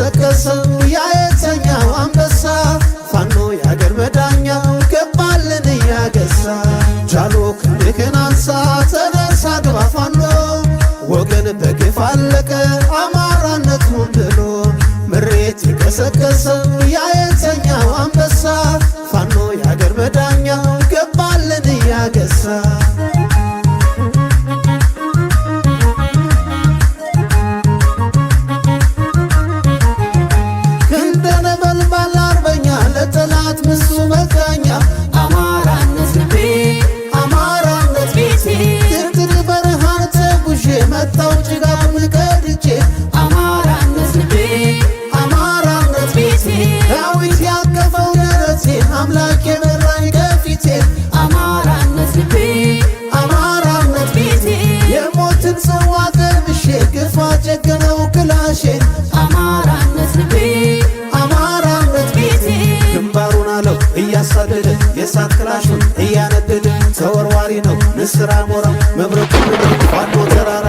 ተቀሰቀሰው ያየተኛው አንበሳ ፋኖ ያገር መዳኛው ገባልን እያገሳ ጃሎ ክንድህን አንሳ ተነሳ ግባ ፋኖ ወገን በግፍ አለቀ አማራነቱን ብሎ ምሬት የቀሰቀሰው እያሳደደ የእሳት ክላሹን እያነደደ ተወርዋሪ ነው ንስር አሞራ መብረቁ ፋኖ ተራራ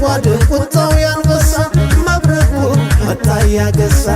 ነጎድጓድ ቁጣው ያንበሳ መብረቁ መታያ ገሳ